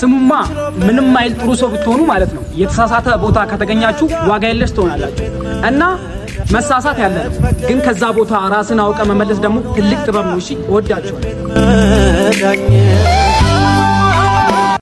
ስሙማ ምንም አይል ጥሩ ሰው ብትሆኑ ማለት ነው የተሳሳተ ቦታ ከተገኛችሁ ዋጋ የለሽ ትሆናላችሁ እና መሳሳት ያለ ነው፣ ግን ከዛ ቦታ ራስን አውቀ መመለስ ደግሞ ትልቅ ጥበብ ነው። እሺ፣ እወዳችኋለሁ።